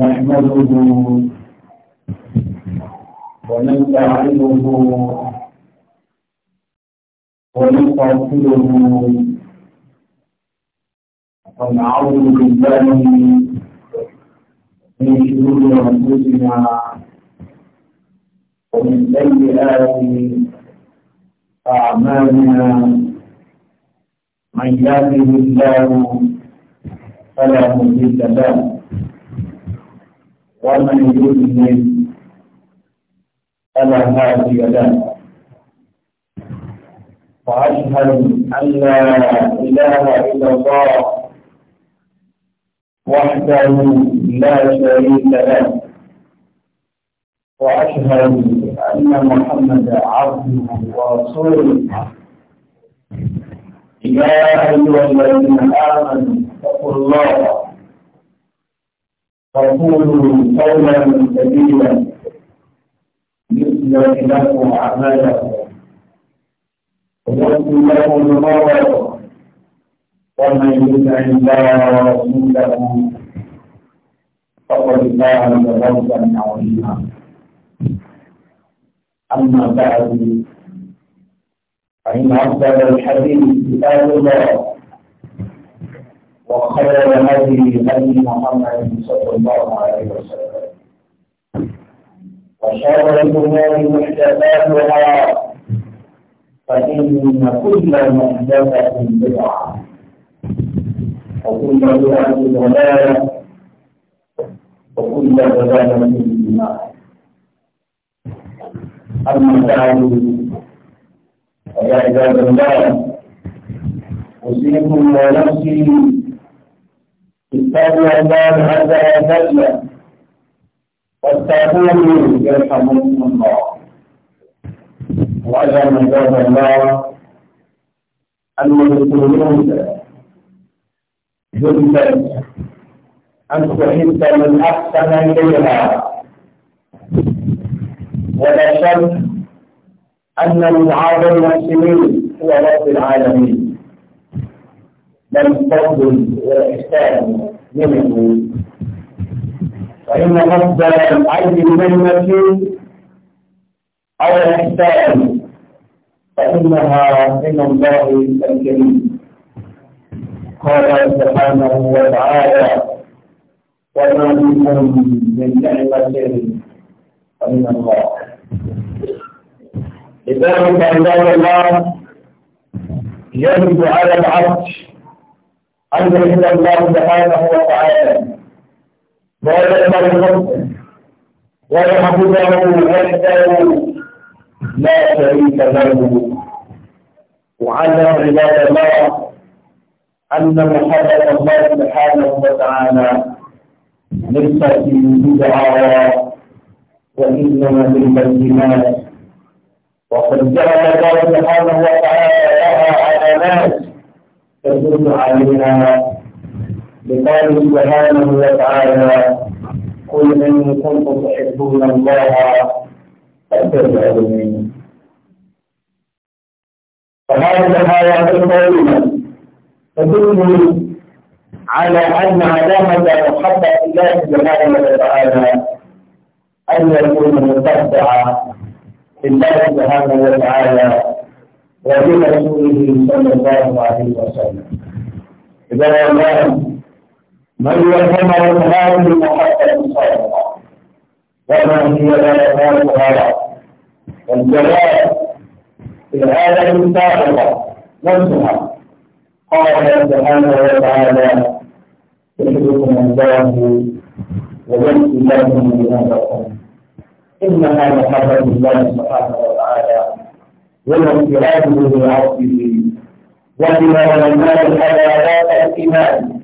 نحمده ونستعينه ونستغفره ونعوذ بالله من شرور انفسنا ومن سيئات اعمالنا من يهده الله فلا مضل له ومن يؤمن فلا هادي له واشهد ان لا اله الا الله وحده لا شريك له واشهد ان محمدا عبده ورسوله يا ايها الذين امنوا اتقوا الله فقولوا قولا سديدا يصلح لكم اعمالكم ويغفر لكم ذنوبكم ومن يطع الله ورسوله فقد فاز فوزا عظيما اما بعد فان افضل الحديث كتاب الله وخير هذه هدي محمد صلى الله عليه وسلم وشر الامور محدثاتها فان كل محدثه بدعه وكل بدعه ضلاله وكل ضلاله في النار اما بعد فيا عباد الله اوصيكم ونفسي اتقوا الله هذا وجل واتقوه يرحمكم الله واعلم عباد الله ان القلوب جدا ان تحب من احسن اليها ولا شك ان معاذ المسلمين هو رب العالمين لا فضل والإحسان منه فإن مصدر العين المنة أو الإحسان فإنها من الله الكريم قال سبحانه وتعالى وما منكم من نعمة فمن الله لذلك عباد الله يجب على العرش أن يجد الله سبحانه وتعالى لا يقبل نفسه ويعبده وحده لا شريك له وعلم عباد الله أن محبة الله سبحانه وتعالى ليست بدعة وإنما بالبينات وقد جعل الله سبحانه وتعالى لها علامات تدل عليها بقول سبحانه وتعالى قل ان كنتم تحبون الله فاتبعوني فهذه الآيات الكريمة تدل على أن علامة محبة الله سبحانه وتعالى أن يكون متبعا لله سبحانه وتعالى وبرسوله صلى الله عليه وسلم عباد الله من يفهم هذه محبة صادقة وما هي لا يفهم غيره والجواب في هذا السابقة نفسها قال سبحانه وتعالى يحبكم الله ويكفي لكم ذنوبكم إنها محبة الله سبحانه وتعالى والانفراد بعرضه وبما ولناه الحيوانات الايمان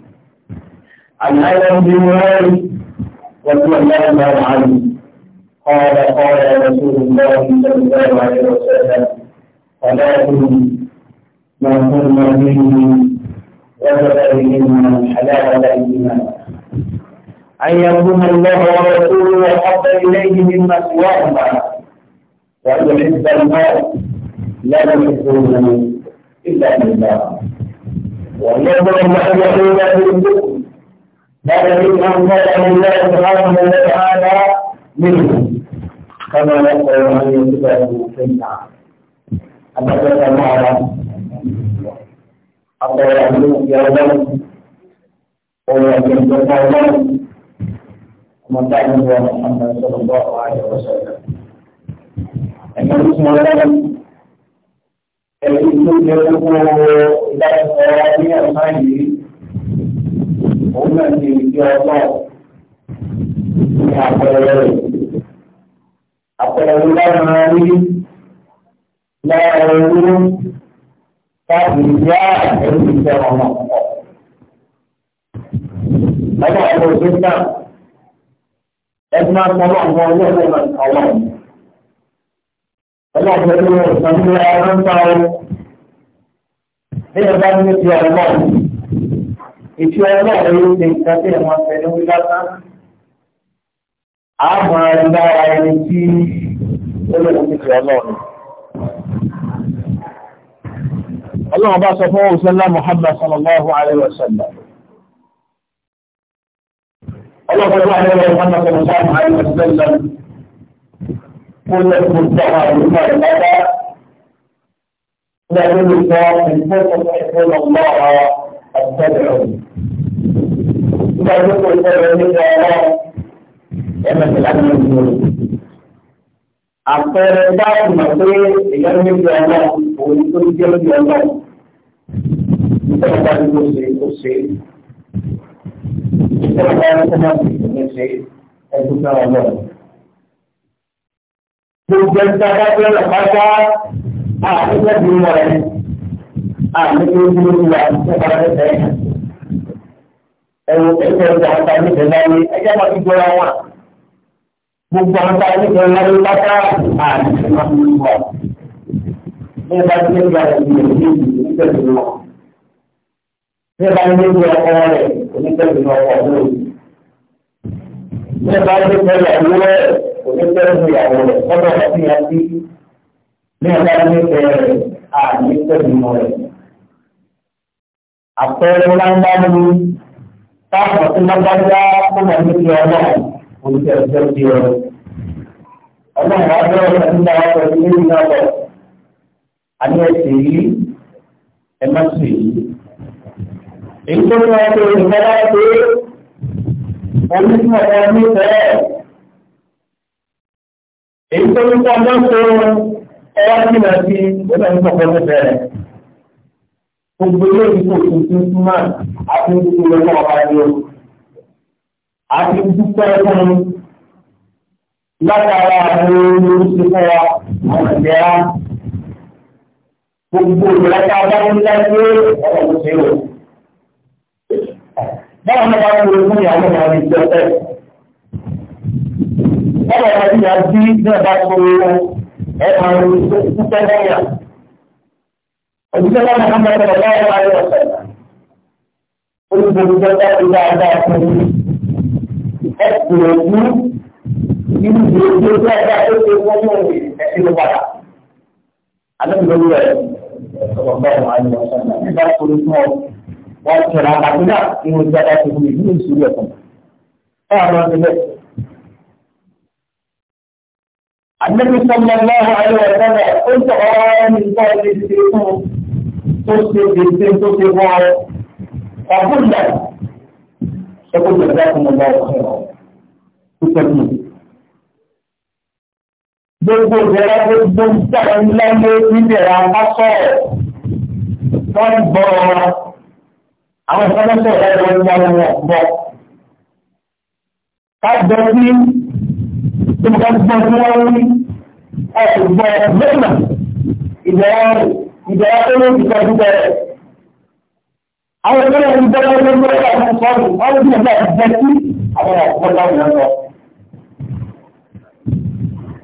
عن ادم بن مالك رضي الله عنه قال قال رسول الله صلى الله عليه وسلم ثلاث ما قلنا منه وجد منهما الحلال الايمان أن يكون الله ورسوله أحب إليه مما سواهما وأن يحب المال لا يكون إلا بالله ويضرب محمد بالذكر هذا ممن خلق الله سبحانه وتعالى منه كما يقول أن يكتبه شيئا أبدا معنا حتى يعلموا يوما ويعلموا يوما ومن تعلم هو محمد صلى الله عليه وسلم أن يسمع ẹ̀rí tó ní ọ̀sán yìí òun ní àpẹẹrẹ rẹ̀. àpẹẹrẹ lára ọmọ pọ̀. lọ́wọ́ àwọn òṣèlú náà ẹgbẹ́ máa ń sọ ọlọ́run ọlọ́run ọlọ́run ọlọ́run ló ń sọ ní ọdún ń sáré bí ẹ bá ní ti ọlọ́run ìfi ọlọ́run yóò ṣe nǹkan tí ẹ̀ máa fẹ́ẹ́ lórí lásán a máa ń dára ẹni tí olóògùn ti fi ọlọ́run. bá sọ fún òṣèlú Muhammad sallallahu alayhi wa sallam. ọlọ́run bá sọ fún òṣèlú Muhammad sallallahu alayhi wa sallam. كل المستوى المفرده لا يملك ان تستحقون الله اتبعهم لا يملك ان الله كما في الامر المنزل àpẹẹrẹ báyìí mọ̀ pé èèyàn ní ìgbà náà òun tó jẹ́ ìgbà náà ìjọba ní kò ṣe kò ṣe ìjọba ní kò máa ṣe ẹ̀dùn náà náà. gbogbo ẹgbẹ́ adájọ́ ọ̀nà pátá àtúntò ti mọ̀ ẹ́ àtúntò ti mọ̀ ẹ́ àtúntò bá rẹ̀ ẹ̀ ẹ̀wọ̀n ẹgbẹ́ ọjà ọ̀tá níbẹ̀ láyé ẹjẹ́ máa fi jọra wọn gbogbo àwọn ọ̀tá níbẹ̀ láyé pátá àtúntò máa fi mọ̀ ní ẹ̀bá tí ó gba ẹ̀sìn ìlú ìgbẹ́sìn wọn ní ẹ̀bá ní ìlú ọkọ rẹ̀ onígbẹ́sìn ọkọ̀ lóyún ní ẹ̀bá ní ìlú ọkọ̀ òṣèlú ẹ̀rọ ìyàwó rẹ̀ lọ́dọ̀ ọ̀sìn yẹn sí ní ọ̀gá nífẹ̀ẹ́ rẹ̀ àní pẹ̀lúmọ̀ rẹ̀. Àpẹẹrẹ ńláńlá ni táwọn tó lágbájá tó wà ní ti ọlọ́run oníṣẹ́ ìjọ ti ọ̀rọ̀. Ọlọ́run wá bẹ́ẹ̀ ọ̀sẹ̀ nígbà wọn pẹ̀lú ní ìlú ọ̀rọ̀. Àní ẹ̀sìn yìí ẹ má sì yìí. Èyí tó ní wọn pé ìfẹ́ láti oníṣẹ́ ọ̀rọ̀ nífẹ̀ẹ́ èyí tó ń kọ́ ọjọ́ tó ọwọ́ sí náà sí ọjọ́ ìfọ̀kọ́ ní bẹ̀rẹ̀ gbogbo ilé ìfò tuntun túmọ̀ àti ìdílé ọmọ ọba ni o àti dúpẹ́ fún látara àwọn olóṣèlú fún wa àwọn ìlera gbogbo ìlàkà abáwọlá ní ọ̀rọ̀ tó ṣe o. báwo ni wọ́n á ń lo fún náà ní ìjọ tẹ́lẹ̀ bọ́lá ọmọ ìyá bí náà bá tó ẹ̀ka ìṣiṣẹ́ lẹ́yà. Òṣìṣẹ́ lọ́nà kan bẹ̀rẹ̀ lọ́wọ́ ẹ̀ka ayé ọ̀sẹ̀. Olùdókòwò bá ti dáadáa fún mi. Ẹ̀sìn òkú nínú ìdílé tó ẹ̀ka tó ṣe fún mi ẹ̀sìn ló padà. Adébìlówó rẹ̀ ọ̀gbọ̀n bá wọn ayé ọ̀sẹ̀ náà. Nígbà tó lè fún ọ, wọ́n tẹ̀ra àbàtúndà nínú ìjọba tó fún mi nínú ìṣúlẹ̀ fún mi. Ẹ النبي صلى الله عليه وسلم قلت أرى من ذلك السيطان تصل بالسيطة الله فقل لك فقل جزاكم الله خيرا تسلمون Gbogbo ìbẹ̀rẹ̀ gbogbo ìjọba ńlá ló ti bẹ̀rẹ̀ àpapọ̀ wọ́n gbọ́ àwọn ìfọwọ́sọ̀rọ̀ ẹ̀rọ ìwà wọn gbọ́. Ká gbọ́ sí tí mo bá gbọ́ tí wọ́n rí ọ̀pọ̀ gbọ́ lọ́nà ìdára ìdára tó lóògì kan tó bẹ̀rẹ̀. Àwọn ìgbẹ́ náà ń bẹ́rẹ̀ lórí ọ̀rọ̀ àwọn sọ́ọ̀rù wọ́n ló dìbò láti jẹ́ sí àwọn ọ̀pọ̀ lọ́wọ́ lọ.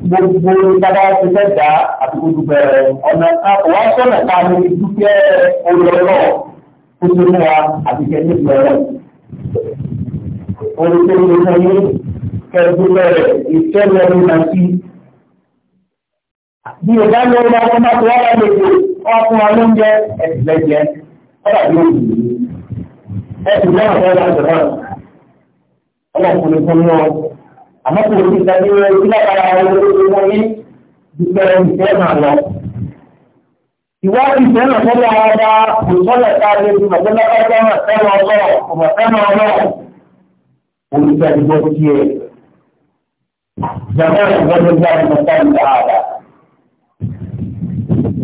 Gbogbo bàbá ti fẹ́ dá àdúgbò dùbẹ̀rẹ̀ ọ̀nà wá sọ̀nà ká ní dúkẹ́ olóró tó tó mú wa àti kẹ́ pẹ̀lú rẹ̀ ìfẹ́ lọ́rùn náà sí. Bí o bá lọ ọmọ ọmọ tó wá lọ́dọ̀ tó ọkùn ọlọ́njẹ ẹ̀sìn lẹ́jẹ, ọ̀dà bí ó yìí. Ẹ̀sìn náà fẹ́ láti rán. Ọlọ́kùnrin fún mọ́ àmọ́ kò ní ìdájọ́ rẹ̀ sí lápára ọ̀rọ̀ tó wọ́n ní dúpẹ́ ìfẹ́ náà lọ. Ìwádìí ìfẹ́ náà sọ́dọ̀ àwọn ọba òṣọ́lẹ̀ káàdé Jàmbá ìgbọ́dọ̀ gba ìmọ̀ta ìgbà àdá.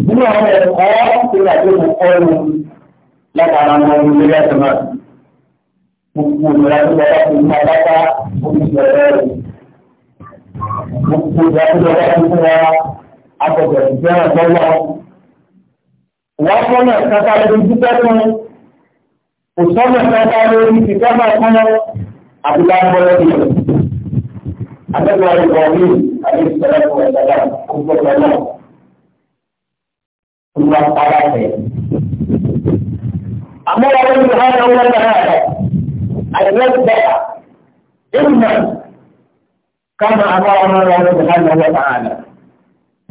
Nínú àwọn ẹ̀kọ́ tí ó dàbí mo kọ́ ẹnu látara ọmọ ọdún lórí ẹ̀sẹ̀ náà. Gbogbo ìlera tó lọ bá fún mi alága omi ìbẹ̀rẹ̀ rẹ̀. Gbogbo ìlera tó lọ bá fún mi wa agbọ̀dọ̀ ìjẹ́ ọ̀gbọ́n lọ. Wà á fọ́nà kankan lórí dúpẹ́ fún mi. Kò sọ́nà kankan lórí ìfẹ́ fún mi. Àbúlá ń bọ́ lọ́dún àtẹ́gbà ìbọ̀mí àdéṣẹ́lẹ́kù ẹ̀dàdà kúkúrú náà ń wá para rẹ̀. Àmọ́ wọn ní ìhà náà wọ́n náà rẹ̀ àdéṣẹ́ إما كما أمرنا الله سبحانه وتعالى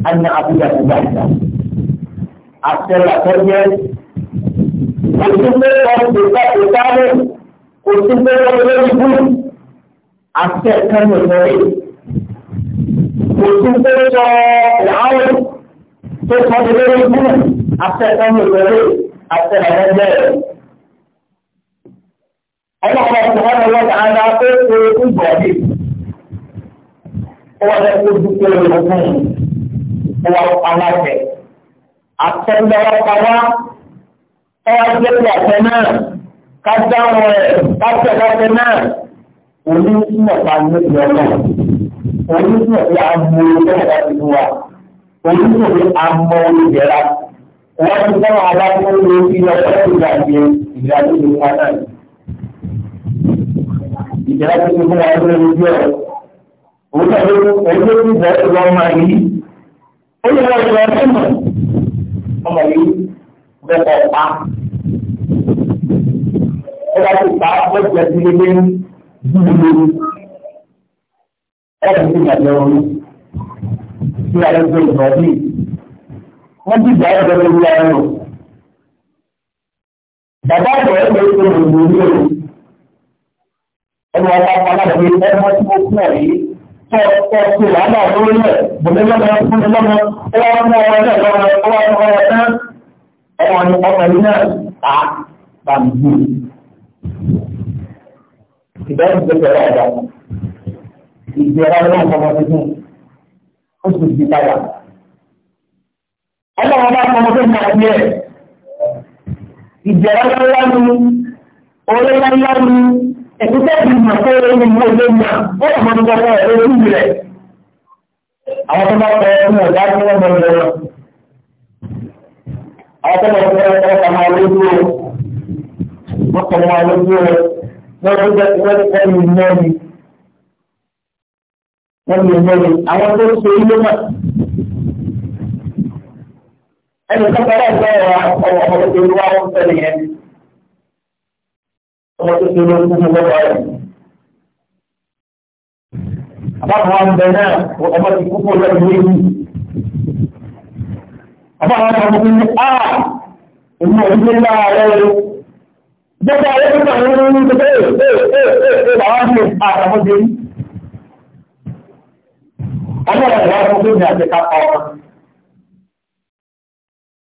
أن نعبد عباده أكثر أكثر كنت في الكتاب كنت في الكتاب àti ẹ̀kánú ìwọ̀nyí. Kò tún tó sọ ìhàwó tó sọ ní lórí ìlú àti ẹ̀kánú ìwọ̀nyí àti ẹ̀rẹ́gbẹ́ rẹ̀. Ọlọ́pàá ti wọ́n lọ́wọ́ ní ara tó ṣe ìgbọ̀ bí. Ó wà ní kó dúpẹ́ ogun ìwà aláṣẹ. Àtẹ̀lẹ́wọ́ pàwá ọwọ́ jẹ́ ìyàtẹ̀ náà ká dáhùn ẹ̀ ká tẹ̀lé náà òní túmọ̀ pa níbi ọ̀nà òní túmọ̀ pé a mọ ìjọba láti mú wa òní túmọ̀ pé a mọ ìjẹra wọ́n ti dáhùn aláwọ̀ ní ilé ọjọ́ ìgbà yẹ ìgbà tó ti wá náà ìjẹra tó ti fún wa lórí ojú ọ̀rọ̀ òun náà ló ń tó bọ̀ ọ́ lọ́wọ́ máa yí ó yẹ wọ́n lọ sẹ́mọ̀ ọmọ yìí bẹ́ẹ̀ pa ó ti pa ó jẹ́ sílé lẹ́yìn dúró ọ̀rọ̀ sí ìgbàgbọ́ wọn sí àlọ́jọ́ ìgbàgbọ́ wọ́n ti gbà ọ̀dọ́ lórí ara rẹ̀. Bàbá àgbà ẹ̀ lè ṣe òògùn ní òru. Ẹnu ọba aláàbí ẹ̀rọ tí mo fún ọ̀ yìí tọ́ tọ́ sí wàhálà lórí rẹ̀ bùnmi lọ́mọ fúnni lọ́mọ ó wá fún ọmọ náà lọ́mọ ó wá fún ọmọ náà ọmọ ọmọ náà á bàmí gbòòrò ìbẹ̀rù ìgbésẹ̀rẹ̀ ẹ̀dá ìgbéra náà kọ́mọ tuntun ó sì di padà. ọlọ́run bá kọ́mọ tó máa yẹ ìjẹ́ra ńlá ni orí ńlá ni ẹ̀kútẹ́ ìgbìmọ̀ tó yẹ ní ìwé ilé mi ó lè mọ nípa ọ̀rọ̀ ẹ̀rọ orí rẹ̀. àwọn tó bá fẹ́ ọmọ ọ̀dá tí wọ́n mọ̀ lọ́wọ́ àwọn tó bá fẹ́ ọmọ wọ́n ti jẹ́ wọ́n ti kọ́ ìlú mẹ́rin wọ́n lè mẹ́rin àwọn tó ń ṣe ilé náà. ẹnì kọ́kọ́rọ́ ìgbà ọ̀rọ̀ ọ̀rọ̀ ọ̀rọ̀ tó ń wá wọn sẹ́lẹ̀ yẹn ọmọ tó ṣe lórí fún ọgbọ́n rẹ̀. àbáwọn àwọn ọmọdé náà ọmọ ti kúkú lọ́dún méjì. àbáwọn ọmọ mi ní a ìmọ̀ ìdílé náà rẹ̀ Gbogbo àwọn ẹgbẹ́ àwọn ọmọ orí ṣe ẹ̀ẹ́ẹ̀ẹ́ẹ̀ẹ́ àwọn ọmọ àtàmọ́dé rí. Ọlọ́run ìwà fún gómìnà àti ká pa ọmọ.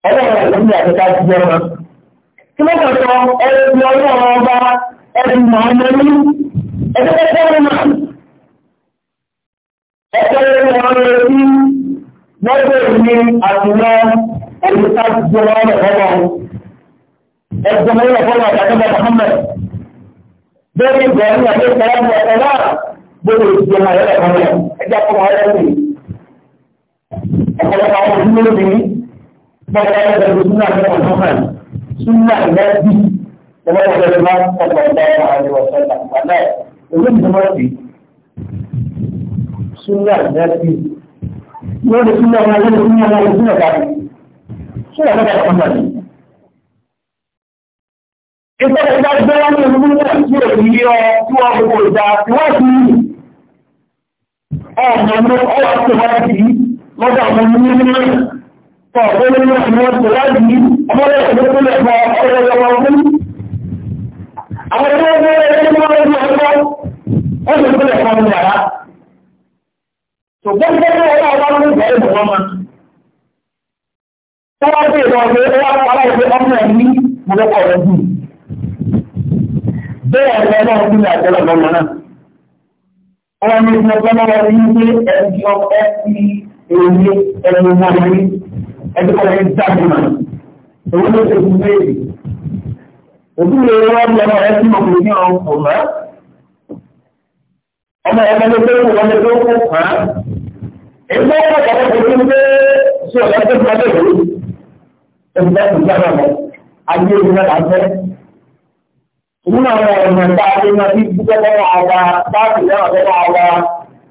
Ọlọ́run ìwà gómìnà àti ká jíjẹ ọmọ. Kí ló kàn sọ ẹni tí ọlọ́run ọba ẹni mọ̀ ọmọ ẹ̀sùn mẹ́rin ọ̀fọ́lọ́ àtàkùnbà Muhammad bẹ́ẹ̀ ni bẹ̀rẹ̀ ní àti ìsọ̀rọ̀ ní ọ̀sẹ̀ náà gbogbo ìdíje máa yẹ lọ́kàn rẹ̀ ẹjẹ́ fún wọn lẹ́sìn ọ̀pọ̀lọpọ̀ àwọn òṣìṣẹ́ lóbìnrin bọ́ọ̀lù ẹgbẹ̀rún súnmọ́ àti Muhammad súnmọ́ àti lẹ́sìn lọ́wọ́ ọ̀gbẹ̀rún máa ń sọ̀rọ̀ ọ̀gbà ọ̀gbà àríwọ̀ sọ̀rọ̀ àgbàlá ẹ̀ súnmọ́ àti lẹ́sìn lórí súnmọ́ àwọn ẹgbẹ̀rún súnmọ́ àwọn òṣìṣẹ́ Ìgbẹ́ta ìgbà gbé wọn ní ìlú náà tí ò ní ọ tí wọ́n gbogbo ìjà tí wọ́n ti rí. Ọ̀nà ló ọwọ́ tó wọ́n ti rí lọ́dọ̀ àwọn ọmọ nínú náà. Tọ̀ ó ní wọ́n ti wọ́n tó láti rí ọmọ rẹ̀ tó tó lẹ̀ fọ ọ̀rẹ́ ọmọ ọdún. Àwọn ọmọ ọdún rẹ̀ ní wọ́n rí ọjọ́ ó sì tó lẹ̀ fọ ọmọ yàrá. Ṣùgbọ́n tó ní ọwọ́ ọmọ ọdún rẹ̀ ló wọ́n máa. Tọ́wọ́ sí ìwọ̀n bẹ́ẹ̀ ni ọlọ́run bí àjọlọ̀ lọ́mọ náà. Wọ́n ní ìfún ọjọ́ lọ́wọ́ ní pé ẹjọ́ ẹ fi èyí ẹnu wọn ní ẹjọ́ kan ní dágbìmọ̀. Èwo ló ṣe fún béèrè? Òbí lè wọ́n ń lọ́wọ́ ẹ sí ọkùnrin ní ọ̀run kò mọ́. Ọmọ ẹgbẹ́ ló pé wọ́n lè tó kó kàn án. Ègbé ọ̀pọ̀ ọ̀pọ̀ kò tún gbé sí ọ̀gá tó gbọ́dọ̀ yìí. Ẹgbẹ́ ìgbàlọ́ nínú àwọn ọ̀nà tá a lè máa fi dúpẹ́ lọ́wọ́ àwa báàbí náà lọ́wọ́ àwa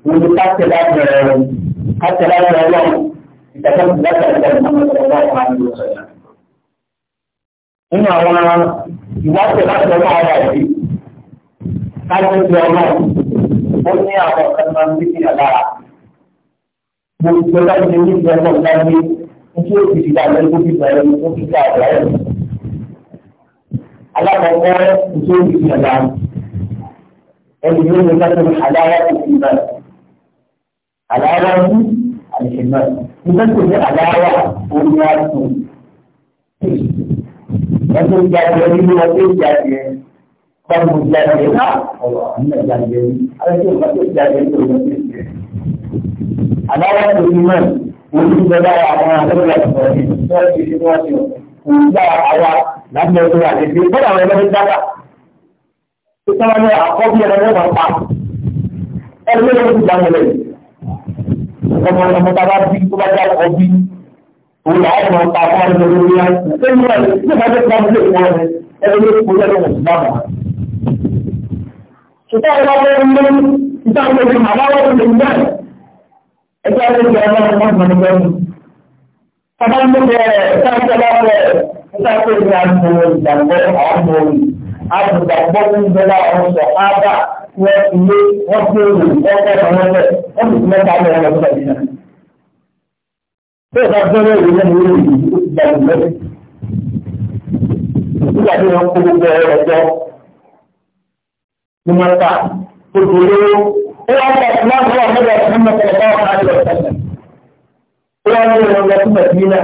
òun ká tẹ̀lé àbẹ̀rẹ̀ rẹ̀ ká tẹ̀lé àbẹ̀rẹ̀ rẹ̀ ìtẹ̀kọ́ ti láti àbẹ̀rẹ̀ rẹ̀ nínú àwọn ìwádìí láti ọjọ́ àwa yìí ká ló ń lọ náà ó ní àwọn kan máa ń bí sí àdára gbogbo ìjọba ti ní ìjọba ìjọba ní ojú òkìtì àgbẹ̀ ní ojú òkìtì àgbẹ̀ alákọ̀ọ́kọ́ ìṣe ìṣe ẹ̀dá ẹni yóò lè dájú aláwọ̀ ìṣe náà aláwọ̀ ìṣe náà nígbà tó ní aláwọ̀ orí wa tún ẹni tó jáde nínú ọdún jáde báwo jáde náà ọ̀rọ̀ àmì jáde alẹ́jọ́ ìgbà tó jáde nínú ọdún jáde aláwọ̀ ìṣe náà orí ìjọba àwọn akẹ́kọ̀ọ́ ìṣe náà ti ṣe wọ́n ti kò gbà àwọn láti lọ sórí àdébí bọ́dà àwọn ẹlẹ́gbẹ́ dábà tó sábà ní àkọ́bí ẹlẹ́gbẹ́ máa pa ẹlẹ́gbẹ́ ló ti dáhùn lẹ́yìn ọmọ ọmọ bàbá bí tó bá dá ọkọ bí òun là á máa pa fún ọmọ lórí láti ẹni wọn ní ìbájẹ tó ń lè wọn ẹlẹ́gbẹ́ tó yẹ lọ́wọ́ sí bàbá. ṣùgbọ́n ọmọ ọmọ ọmọ ìta ọmọ ọmọ àbá wọn lè gbà ẹgbẹ́ ọmọ ọmọ ọmọ ọmọ ọmọ nígbà tó ní agbóhùn ìgbàgbọ́ àgbóhùn agbègbàgbọ́ ń bẹ́lá àwọn sọ ábà wọ́n ilé wọ́n tó rò wọ́pẹ́ àwọn ọ̀rẹ́ wọ́n sì mẹ́ta lọ ọ̀rọ̀ ọ̀rọ̀ ìdílé. bẹ́ẹ̀ bá bẹ́rẹ̀ ìwé náà lórí ìdí tó ti gbàgbọ́ mẹ́rin. nígbà tí wọ́n kó gbogbo ọ̀rọ̀ jọ ní wọ́n ta tó ti lówó ó wá bá ìlànà ọ̀rọ̀ mẹ́ta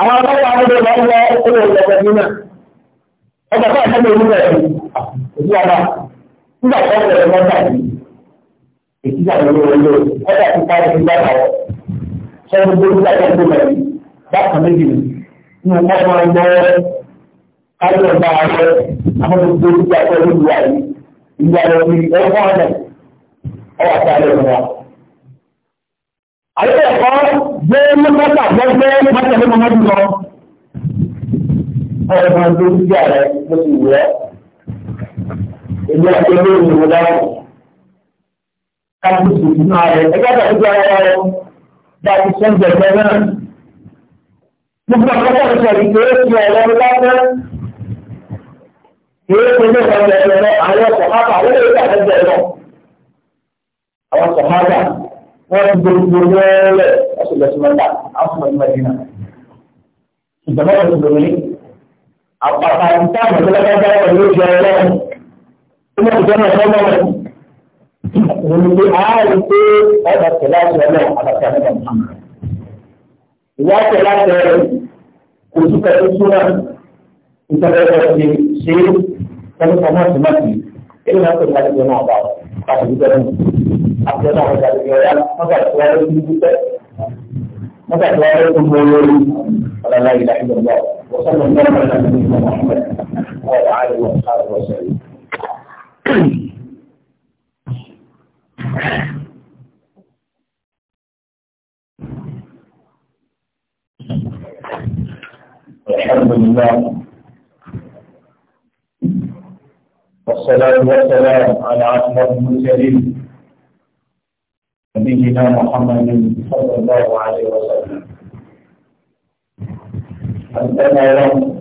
àwọn abáwọ̀ àwọn ọmọdé wọn wọ owó ìlọ́pẹ̀ nínú ọgbà fún àtàlẹ̀ ìlú rẹ̀ òjú ọba nígbà tó ọ̀rẹ́ wọn dàbí èkìtà lórí olóò ọjà tó bá ti gbà wọ sọ́dún tó ń gbàgbọ́ tó lọ bákan méjì ní ọmọ ọmọ ọmọ kájú ọba ààrẹ àwọn tó gbé ìgbà tó lórí wa yìí ìgbà lórí ọgbọ́n ọ̀nà ọwọ́ àtàlẹ̀ ọ̀nà ayé ẹ̀kọ́ gbé mọ́tàkà gbẹ́gbẹ́ mọ́tàkà mọ́tàkà lọ. ọ̀rọ̀ máa ń tó sí ààrẹ ló sì wù ẹ́. èmi àti ẹgbẹ́ mi ò dára. káàkiri sì fún ààrẹ ẹgbẹ́ àti ẹgbẹ́ ara rẹ bá a ti sọ ìgbẹ̀gbẹ́ náà. gbogbo àkọ́kọ́ mi sọ̀rọ̀ ìkéré sí ọ̀rọ̀ lọ́pẹ́. kéré sí ilé ìwọ̀n ẹ̀rọ àwọn sọ̀hábà àwọn èèyàn àti ẹgbẹ́ lọ. àwọn sọ̀hábà wọ́n ń gbogbo lẹ́ẹ̀lẹ̀ ẹ̀sùn lẹ́sùn mẹ́ta àwọn ọmọ ìmọ̀dínà. ìjọba yóò ti lòlẹ́ àpàtà ìta ìgbàlódé pẹ̀lú ìjọ ọlọ́run tó mọ̀ ìjọba ẹ̀rọ mọ́rẹ̀. ìròyìn pé ààrẹ pé ọ̀dà tẹ̀lé àti ọlọ́run àbàtà nígbà mọ́. ìyá tẹ̀lé àti ọ̀rẹ́ kò sí pẹ̀lú súnà ìjọba ẹ̀rọ ti ṣe é àjọyọ̀ ọjà ìgbéyà mọ́tà ìwádìí ní dúpẹ́ mọ́tà ìwádìí tó ń bọ̀ lórí ọ̀làlá ìlà ìgbọ̀ngbọ̀ الله على نبينا محمد وعلى اله وصحبه وسلم الحمد لله والصلاة والسلام على أشرف المرسلين نبينا محمد صلى الله عليه وسلم أنتنا لهم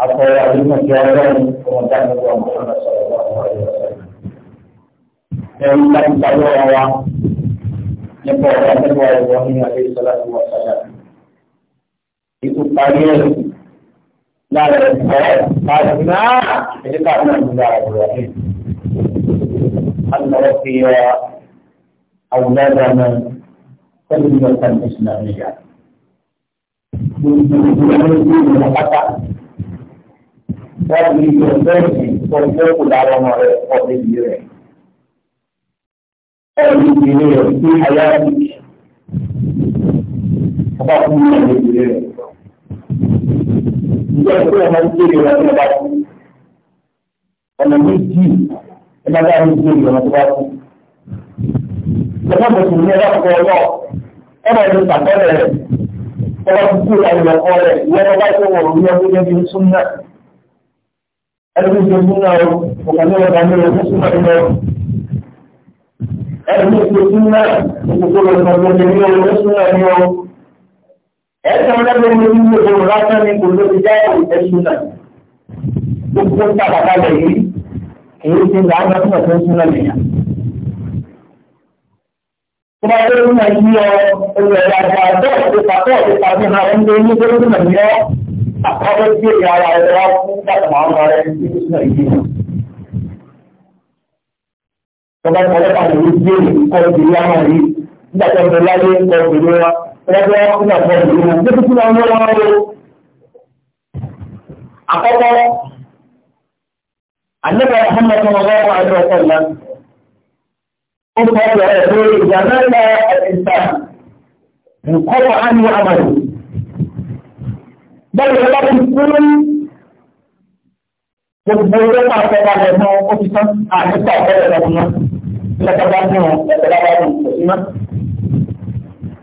أقول علمك يا رب ومتعنا الله محمد صلى الله عليه وسلم يوم كان صلوا الله يقول الله إبراهيم عليه الصلاة والسلام itu panggil lalu saya karena ini karena bunda Ibrahim أن نربي أولادنا كلمة إسلامية wọ́n ti di ọ̀sẹ̀ẹ̀sì tó ń kó kó dára ọmọ rẹ̀ ọ̀dẹ ìlú rẹ̀. ẹ̀rí ìdílé rẹ̀ sí ayáàbí ọba fún mi ọ̀dẹ ìdílé rẹ̀. ìjọba tó yẹ máa ń kéde wọn ní ọba fún ọ̀nà méjì ẹ má dáa ní ìgbéyìí ọmọ tó bá kú. ìjọba mùsùlùmí ẹ bá kọ ọlọ ẹ bá ní sàkọlẹ rẹ ẹ bá ti kú ìlànà ọkọ rẹ ìyẹn bá bá tó wọ òun yẹn gbé ní súnmọ ẹni tó ṣe súnmọ o òkà ní ọgbà ní ọdún súnmọ ní lọ ẹni tó ṣe súnmọ òkòkòrò ìgbàgbọ́ ní ọdún súnmọ ní lọ ẹ̀sán lẹ́gbẹ̀ẹ́ ní ilé ìwòrán sani kò lóbi jáde ìtẹ́sùn èyí ti gbà ágbà túnbọ̀ tó ń súnmọ́ nìyà. Tó bá yẹ kí wọ́n yí ọ olú ẹ̀rọ àgbà àtọ́ ìpa tó ìpa tó máa ń gbé ní gbogbo náà ní ọ́ àkọ́kọ́ sí èyí ara ẹ̀rọ wá fún dàpọ̀ àwọn ọmọ rẹ̀ ní ìsúná ìdí náà. Tó bá yẹ kọ́ lẹ́ka lè rí bí èyí kọ́ ìdílé àwọn rí nígbà tó ń bẹ láyé kọ́ ìdílé wa ẹgbẹ́ wọn kúnlẹ̀ kọ́ ìdílé wọn النبي محمد صلى الله عليه وسلم قلت هذا يقول إذا مات الإنسان انقطع عنه عمله بل لا تكون gbogbo ẹgbẹ́ àtọ́gbà rẹ̀ mọ́ ọ́fíìsì àdúgbò àtọ́gbà rẹ̀ mọ́ lẹ́tọ́gbà náà lẹ́tọ́gbà rẹ̀ kò sí mọ́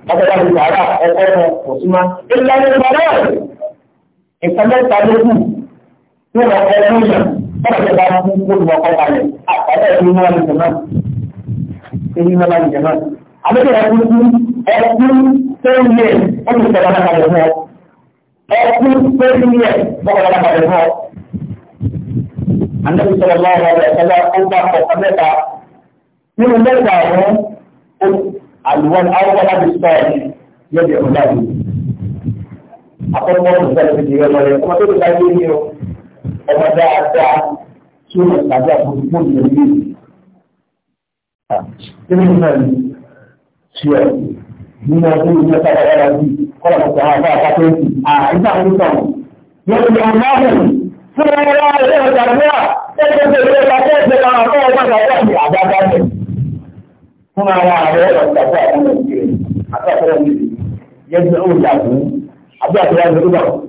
lẹ́tọ́gbà rẹ̀ sàárà ẹgbẹ́ náà kò sí mọ́ ìlànà ìgbà náà ìkànnì ìtàlẹ́kù ní ọ̀pọ̀ ẹgbẹ́ yẹn bọ́ọ̀lù bá fún gbogbo ọkọ̀ kalẹ̀ àtàlẹ́ ìlú náà lè jẹ̀mọ́ ìlú náà lè jẹ̀mọ́ àbẹ́tẹ̀ ẹkún ẹkún tẹ́lẹ̀ ọdún ìjọba náà kalẹ̀ fún ọ ẹkún tẹ́lẹ̀ bọ́ọ̀lù náà kalẹ̀ fún ọ. àná ìṣẹ̀lẹ̀ máa wà lọ ẹ̀sẹ̀ ó bá kọ̀ọ̀kan mẹ́ta nínú mẹ́ta ọ̀hún àlùwọ́n àwọn láti sọ̀rọ̀ yẹ́bi ọ̀dà yìí. àkọ́kọ́ ìṣẹ̀lẹ̀ ti di ẹ̀rọ ọmọ dáadáa tí ó lọ sàdé àbójútó ìlú ìlú ìlú náà ni tí ọ nínú ọdún ìlú mẹ́ta dáadáa bí kọlọ kọkọ àwọn afọ àpapọ̀ èsì àìsàn àwọn ìtàn yóò fi ọmọ ọhún fún ọmọ wa ilé ọjà náà ẹgbẹ́ tó lè ta tó ẹgbẹ́ náà ọmọ ọgbà náà wà ní àdáda rẹ̀ fún àwọn ààrẹ ọjà tó àwọn ọmọ ìgbẹ́ àtàkùrọ̀ yẹn ti ó yàgò àbí àtúnyàwó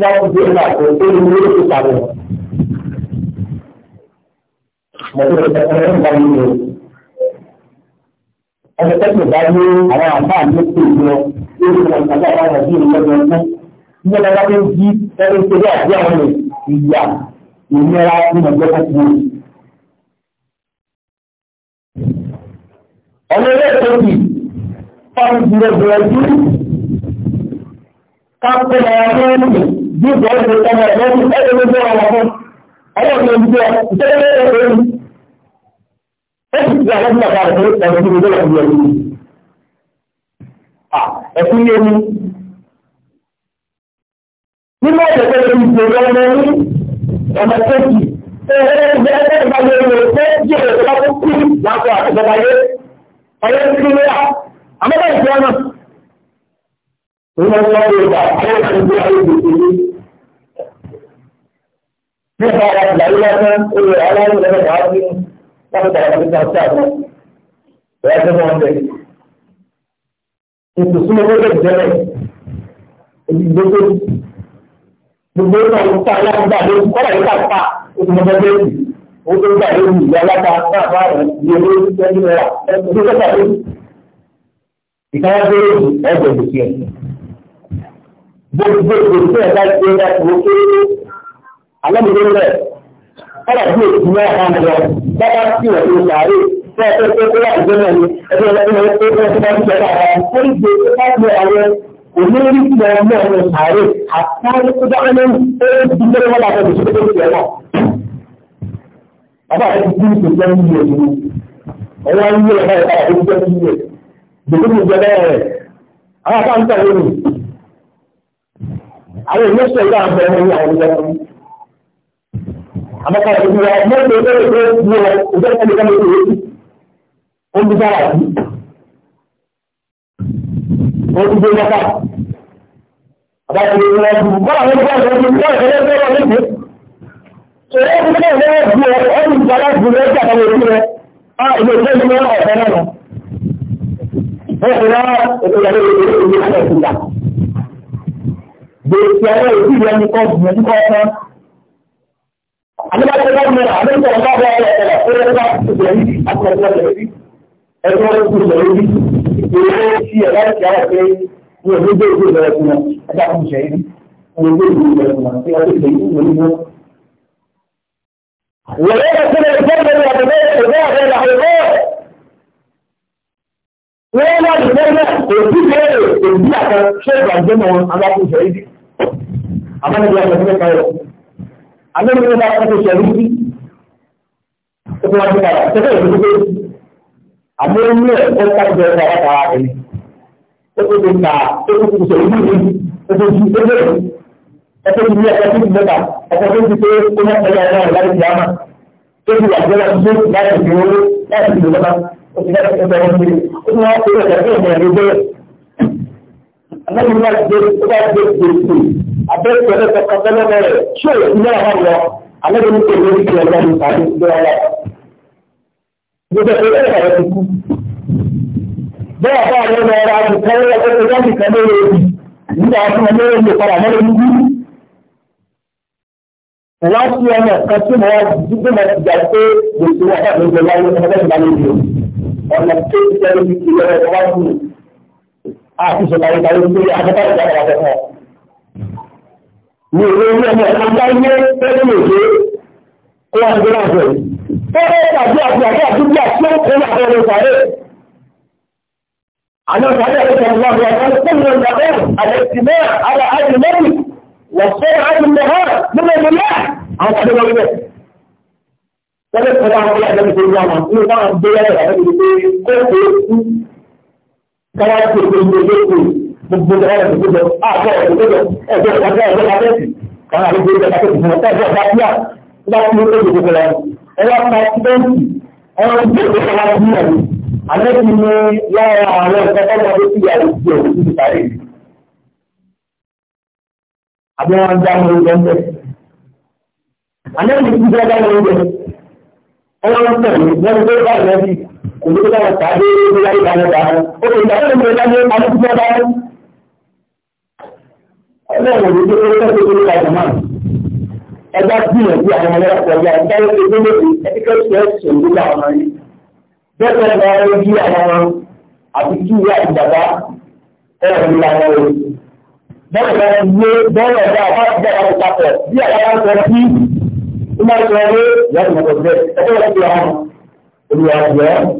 wọ́n gbé ìgbà tó tó ní ilé tó sàrò. Mo ti rẹ̀ ẹ̀rọ ń bá mi lò. Ẹni tẹ́sán bá ní àwọn àbáà ní kò lọ lórí wọn tàbí àwọn ọ̀rọ̀ bí ìlọ́jọ́ ọdún. Ní ọ̀la wá ní jí ẹni torí àbí àwọn ìyá ìnira ní ọjọ́ ti wọ́n. Ọ̀nà ilé ìtọ́jú fáwọn ìdílé bẹ̀rẹ̀ kápẹ́ ọ̀rẹ́ni bí ìgbẹ́ ìgbẹ́ ọmọ ẹ̀rọ ẹ̀rọ ló bẹ́ẹ̀ wọ̀ fún ọlọ́run ló ń bí ọ ìtẹ́lẹ̀ lẹ́yìn ẹ̀rọ yìí. ó sì ti àwọn ọmọ bàbá rẹ̀ pé ọ̀rọ̀ ìgbẹ́ ọmọ ẹ̀rọ yìí. ẹ̀kú yé mi. nínú ọ̀sẹ̀ tó lè ṣe ọmọ ẹ̀rí ọmọ kéèkì ẹ̀rọ ìgbẹ́ ẹ̀rọ bá lè rò pé jẹ́ ẹ̀rọ tó kú láàpọ̀ àtẹ̀jọba yé ọ̀rẹ́ wọ́n lọ bí ọba ọ̀rọ̀ ìgbé ayé gbèsè ní. Nípa ara ìgbàlú lọ́sán, olè aláwọ̀ lọ́wọ́ bá bí wọ́n bá bí wọ́n sá lọ. Ìyá tó máa ń bẹ̀. Ètò súnmọ́ lọ́dọ̀ ìjẹ́rẹ̀. Ìdìbò tó gbogbo náà ń ta aláǹgbà ló ń gbogbo ìgbésí ẹ̀dá ti ń dájú ó kéré alámìlẹ́ rẹ̀ kọ́lá bí òkú náà hàn lọ bábá sí wọn ní sàárè fún ọ̀pẹ́ tó kó láti gbé náà ni ẹgbẹ́ ọlọ́dún ọ̀pẹ́ tó kó láti gbé náà ni wọ́n gbé láti àwọn onírúurú tí wọ́n mọ̀ ní sàárè àtàrí tó dáná ní ó ti lé wọn láti ọdún tó tó lọ. bàbá àti kí ní kòtò ń yé mi ọwọ́ ń yé ọ̀rẹ́ àti kí ní kòtò ń yé mi gbogbo ìjọba rẹ̀ àwọn àkáǹtà lónìí àwọn ìlú sọ̀rọ̀ àbẹ̀ wọn ní àwọn ìjọba wọn. àbọ̀kà ìlú wa mọ́tò ìjọba ìjọba ìjọba ìjọba ìjọba ìjọba ìjọba ìjọba ó ń bí sára sí ó ń gbé lọ́pà àbájá ìlú wa dùn bọ́lá wọn bá wọn ní bọ́lá ìjọba ìjọba ìjọba Ṣèlú ọdún náà lọ́wọ́ bí ọ ọdún ìjọba ìjọba ìjọba ìjọba ìjọba rẹ̀ á ilé ìjọba ìjọba ọ̀fẹ́ náà. Bẹ́ẹ̀ ni wọ́n ètò ìyàwó ìjọba ìjọba ìjọba ìjọba gbèsè ọwọ́ òbí rẹ̀ ní kọ́ gbìyànjú kọ́ tán. Àdébàtí ọba mi rà àdébàtí ọba bọ̀ ọ̀rọ̀ ọ̀rọ̀ ọ̀rọ̀ ọba ìṣẹ̀lẹ̀ yìí àti ọ̀rọ̀ ìṣẹ̀lẹ̀ yìí ẹ̀sùn ọ̀rọ̀ ìṣẹ̀lẹ̀ yìí ìṣẹ̀lẹ̀ sí ẹ̀ láti ṣe àwọn ìṣẹ̀lẹ̀ yìí ní ọdún tó ìṣẹ̀lẹ̀ rẹ̀ fún wọn ẹ̀dá fún ìṣẹ̀lẹ̀ yìí ní ọdún tó ìṣẹ̀lẹ̀ fún wọn ẹ̀dá fún ìṣẹ̀lẹ̀ ní ọdún Wọ̀lẹ́ ẹ̀sìn ẹ̀sìn ẹ̀sìn ẹ̀sìn wọ́n wá ní lẹ́gbẹ́ kò sí léèrè èyí àkan ṣé ìgbàgbé mọ́ aláàbò ṣe ìdí àmọ́nìyàn ọ̀sẹ̀ nípa káyọ̀ àmọ́nìyàn bá kọ́ tó ṣe ìdí sí ó fún wa nípa tẹ́tẹ́ ìdí pé àmọ́nìyàn ẹ̀kọ́ sábẹ́ ọ̀sẹ̀ àwọn ará ẹni ó tó ti ta ó tó ti ṣe ìdí ní ó tó ti ṣe ẹ̀kọ́ ti ní ẹ̀kọ́ tó ti mẹ́ta ẹ̀kọ́ tó ti pé ó mọ̀ ẹ̀yà ẹ̀yà ìlànà ìyá وكذلك تتوكل ثم يقول لك فيه الرجال النبي ما يقدر يقدر يقدر أبيت ولا تقبل ولا شيء لا والله أنا بنت الذي في الله يساعد لا لا إذا كنت أنا أقول بقى بقى أنا راح أتكلم لك أنا كمان إذا أنا أنا اللي ترى أنا اللي láti ọmọ kan tí mo wá dídé mọ́ ti gbà pé gbèsè wọn wà lóde láyé ọmọdé ìgbàlódé ọ̀nà tó ń tẹ́ ní ti lọ́wọ́ ọ̀wá jù àti ìṣọ̀lá ìgbà yóò tó yẹ àtẹ́kọ̀ọ́ ìjà àwọn akẹ́kọ̀ọ́. Mi ò ní ọmọ ọ̀gá ilé tẹ́lẹ̀ òde kó wá nígbà náà bẹ̀rẹ̀. Tẹ́lẹ̀ tàbí àti àti àti bí àti ó kó láti ọ̀rọ̀ sàré. Àná sàré àti sàré wà ní ọ̀gá tó ń lọ àti ìmọ̀ àti àti mẹ́rin wọ̀ wọ́n lè kọ́ra àwọn ọ̀dọ́ ìgbésẹ̀ ìlú àwọn àti ìlú àwọn gbéra ẹ̀rọ àwọn ìgbésẹ̀ kókò kú káwá tó tó ń gbé kú gbogbo ọ̀dọ́ ìgbésẹ̀ ìlú àbọ̀ ìgbésẹ̀ ẹ̀jẹ̀ ìgbàgbọ́ ẹ̀jẹ̀ kàfẹ́sì káwá ló gbé ìgbàgbọ́ ìgbésẹ̀ fún ọ̀tọ́ ìgbà bíyà nígbà tí ó tóbi gbogbo lọ ẹ̀rọ pa tẹ́ǹtì ẹ̀rọ gbogbo kọ́ra bíyà ni alẹ́ ti ní lára àwọn ìgbàgbọ́ ọmọdé tí ìyá rẹ̀ jẹ́ òkú ti parí. àbí wọn dá wọn lọ bẹ́ẹ̀. alẹ́ mi ti dá wọn lọ bẹ́ẹ̀ ọwọ́ ń tẹ̀lé wọ́n gbé báyìí lẹ́bí kò ní bá wọn tàbí ní láyé ìdáná bá wọn ó lè gbà tó ń bẹ̀rẹ̀ láyé alúgbó bá wọn. ọlọ́run ò ní gbé owó tẹ́lẹ̀ tó ń bá wọn máa ẹgbẹ́ gbìyànjú àwọn ọmọ ẹ̀kọ́ ọ̀gá ẹgbẹ́ tó gbé lórí ẹtíkẹ́ tó ẹ̀ sùn ní bá wọn yìí. bẹ́ẹ̀ bá wọn yí àwọn àti kí ìyá ìjàmbá ẹ̀rọ ní àwọn ọ̀rọ̀ bọ́ọ̀lù bá wọn yé bọ́ọ̀lù ọ̀gá àbá kuma da tsare ya kuma tsare ta kuma da yawa ruwa biya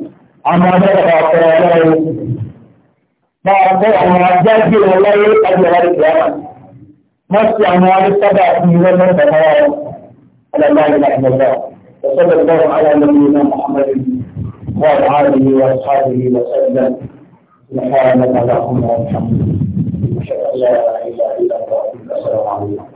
amma da ba ta yawa ba ta amma jaji wallahi a da yawa biya masu amma da saba ni wannan da yawa Allah ya rahmata Allah وصلى الله على نبينا محمد وعلى اله واصحابه وسلم سبحانك اللهم وبحمدك اشهد ان لا اله الا انت السلام عليكم